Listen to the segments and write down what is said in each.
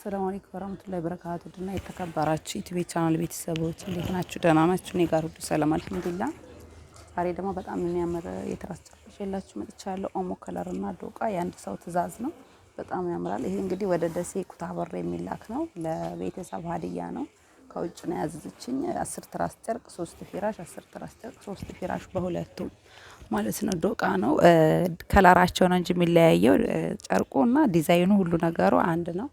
አሰላሙ አለይኩም ወራህመቱላሂ ወበረካቱ ድና የተከበራችሁ ዩቲዩብ ቻናል ቤተሰቦች እንዴት ናችሁ? ደህና ናችሁ? እኔ ጋር ሁሉ ሰላም አልሐምዱሊላህ። ዛሬ ደግሞ በጣም የሚያምር የትራስ ጨርቆች የላችሁ መጥቻለሁ። ኦሞ ከለር እና ዶቃ የአንድ ሰው ትዕዛዝ ነው። በጣም ያምራል። ይሄ እንግዲህ ወደ ደሴ ኩታበር የሚላክ ነው። ለቤተሰብ ሀዲያ ነው። ከውጭ ነው ያዘዘችኝ። አስር ትራስ ጨርቅ ሶስት ፊራሽ፣ አስር ትራስ ጨርቅ ሶስት ፊራሽ በሁለቱም ማለት ነው። ዶቃ ነው ከለራቸው ነው እንጂ የሚለያየው ጨርቁ እና ዲዛይኑ ሁሉ ነገሩ አንድ ነው።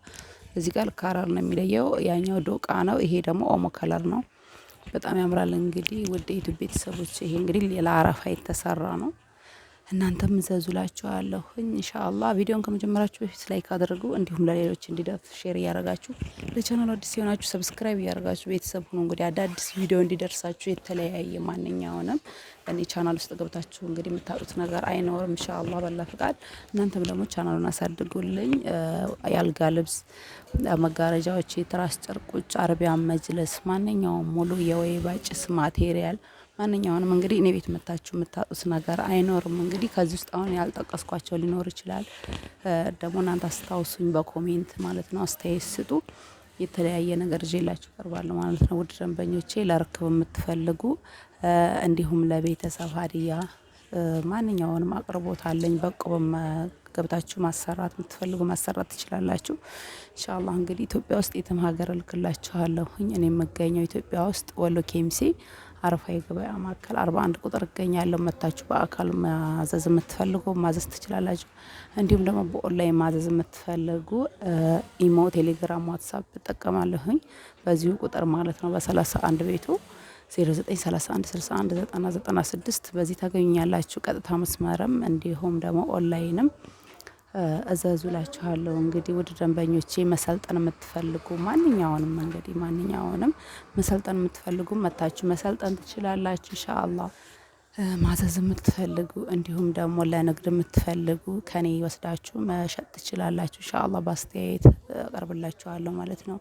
እዚህ ጋር ካራር ነው የሚለየው። ያኛው ዶቃ ነው፣ ይሄ ደግሞ ኦሞ ከለር ነው። በጣም ያምራል። እንግዲህ ውድ ቤተሰቦች ይሄ እንግዲህ ሌላ አረፋ የተሰራ ነው። እናንተም ዘዙላችኋለሁ ኢንሻአላህ። ቪዲዮን ከመጀመራችሁ በፊት ላይክ አድርጉ፣ እንዲሁም ለሌሎች እንዲደርስ ሼር እያደረጋችሁ ለቻናሉ አዲስ የሆናችሁ ሰብስክራይብ እያደረጋችሁ ቤተሰብ ሁኑ። እንግዲህ አዳዲስ ቪዲዮ እንዲደርሳችሁ የተለያየ ማንኛውንም እኔ ቻናል ውስጥ ገብታችሁ እንግዲህ የምታጡት ነገር አይኖርም ኢንሻአላህ በላ ፍቃድ። እናንተም ደግሞ ቻናሉን አሳድጉልኝ። ያልጋ ልብስ፣ መጋረጃዎች፣ የትራስ ጨርቆች፣ አረቢያን መጅለስ፣ ማንኛውም ሙሉ የወይባ ጭስ ማቴሪያል ማንኛውንም እንግዲህ እኔ ቤት መታችሁ የምታጡት ነገር አይኖርም። እንግዲህ ከዚህ ውስጥ አሁን ያልጠቀስኳቸው ሊኖር ይችላል። ደግሞ እናንተ አስታውሱኝ በኮሜንት ማለት ነው። አስተያየት ስጡ። የተለያየ ነገር ይዤላችሁ ቀርባለሁ ማለት ነው። ውድ ደንበኞቼ ለርክብ የምትፈልጉ እንዲሁም ለቤተሰብ ሀዲያ ማንኛውንም አቅርቦት አለኝ። በቆበም ገብታችሁ ማሰራት የምትፈልጉ ማሰራት ትችላላችሁ። እንሻላ እንግዲህ ኢትዮጵያ ውስጥ የትም ሀገር እልክላችኋለሁኝ። እኔ የምገኘው ኢትዮጵያ ውስጥ ወሎ ኬሚሴ አረፋ የገበያ ማዕከል አርባ አንድ ቁጥር እገኛለሁ። መታችሁ በአካል ማዘዝ የምትፈልጉ ማዘዝ ትችላላችሁ። እንዲሁም ደግሞ በኦንላይን ማዘዝ የምትፈልጉ ኢሞ፣ ቴሌግራም፣ ዋትሳፕ እጠቀማለሁኝ በዚሁ ቁጥር ማለት ነው በሰላሳ አንድ ቤቱ 0931619196 በዚህ ታገኙኛላችሁ። ቀጥታ መስመርም እንዲሁም ደግሞ ኦንላይንም እዘዙ ላችኋለሁ። እንግዲህ ውድ ደንበኞቼ መሰልጠን የምትፈልጉ ማንኛውንም እንግዲህ ማንኛውንም መሰልጠን የምትፈልጉ መታችሁ መሰልጠን ትችላላችሁ ኢንሻአላህ። ማዘዝ የምትፈልጉ እንዲሁም ደግሞ ለንግድ የምትፈልጉ ከኔ ወስዳችሁ መሸጥ ትችላላችሁ። እንሻአላ በአስተያየት አቀርብላችኋለሁ ማለት ነው።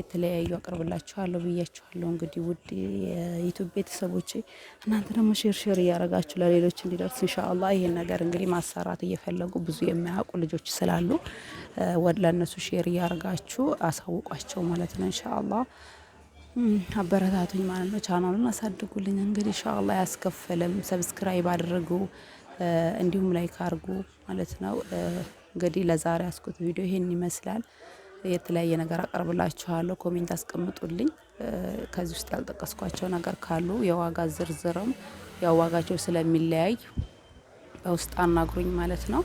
የተለያዩ አቅርብላችኋለሁ ብያችኋለሁ። እንግዲህ ውድ የዩቱብ ቤተሰቦች እናንተ ደግሞ ሽርሽር እያደረጋችሁ ለሌሎች እንዲደርስ እንሻአላ ይህን ነገር እንግዲህ ማሰራት እየፈለጉ ብዙ የሚያውቁ ልጆች ስላሉ ለእነሱ ሼር እያደረጋችሁ አሳውቋቸው ማለት ነው እንሻአላ። አበረታቱኝ ማለት ነው። ቻናሉን አሳድጉልኝ። እንግዲህ ኢንሻአላ ያስከፈለም ሰብስክራይብ አድርጉ፣ እንዲሁም ላይክ አድርጉ ማለት ነው። እንግዲህ ለዛሬ ያስኩት ቪዲዮ ይሄን ይመስላል። የተለያየ ነገር አቀርብላችኋለሁ። ኮሜንት አስቀምጡልኝ። ከዚህ ውስጥ ያልጠቀስኳቸው ነገር ካሉ የዋጋ ዝርዝርም ያው ዋጋቸው ስለሚለያይ በውስጥ አናግሩኝ ማለት ነው።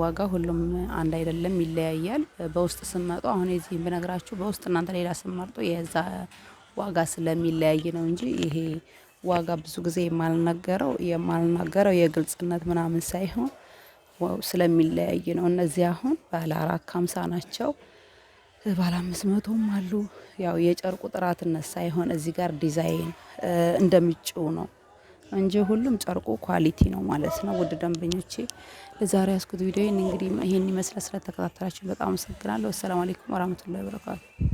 ዋጋ ሁሉም አንድ አይደለም፣ ይለያያል። በውስጥ ስመጡ አሁን የዚህ ብነግራችሁ በውስጥ እናንተ ሌላ ስመርጡ የዛ ዋጋ ስለሚለያይ ነው እንጂ ይሄ ዋጋ ብዙ ጊዜ የማልነገረው የማልናገረው የግልጽነት ምናምን ሳይሆን ስለሚለያይ ነው። እነዚህ አሁን ባለ አራት ሀምሳ ናቸው። ባለ አምስት መቶም አሉ። ያው የጨርቁ ጥራትነት ሳይሆን እዚህ ጋር ዲዛይን እንደምጭው ነው እንጂ ሁሉም ጨርቁ ኳሊቲ ነው ማለት ነው። ውድ ደንበኞቼ ለዛሬ ያስኩት ቪዲዮ እንግዲህ ይህን ይመስላል። ስለተከታተላችሁ በጣም አመሰግናለሁ። አሰላሙ አለይኩም ወራህመቱላሂ ወበረካቱ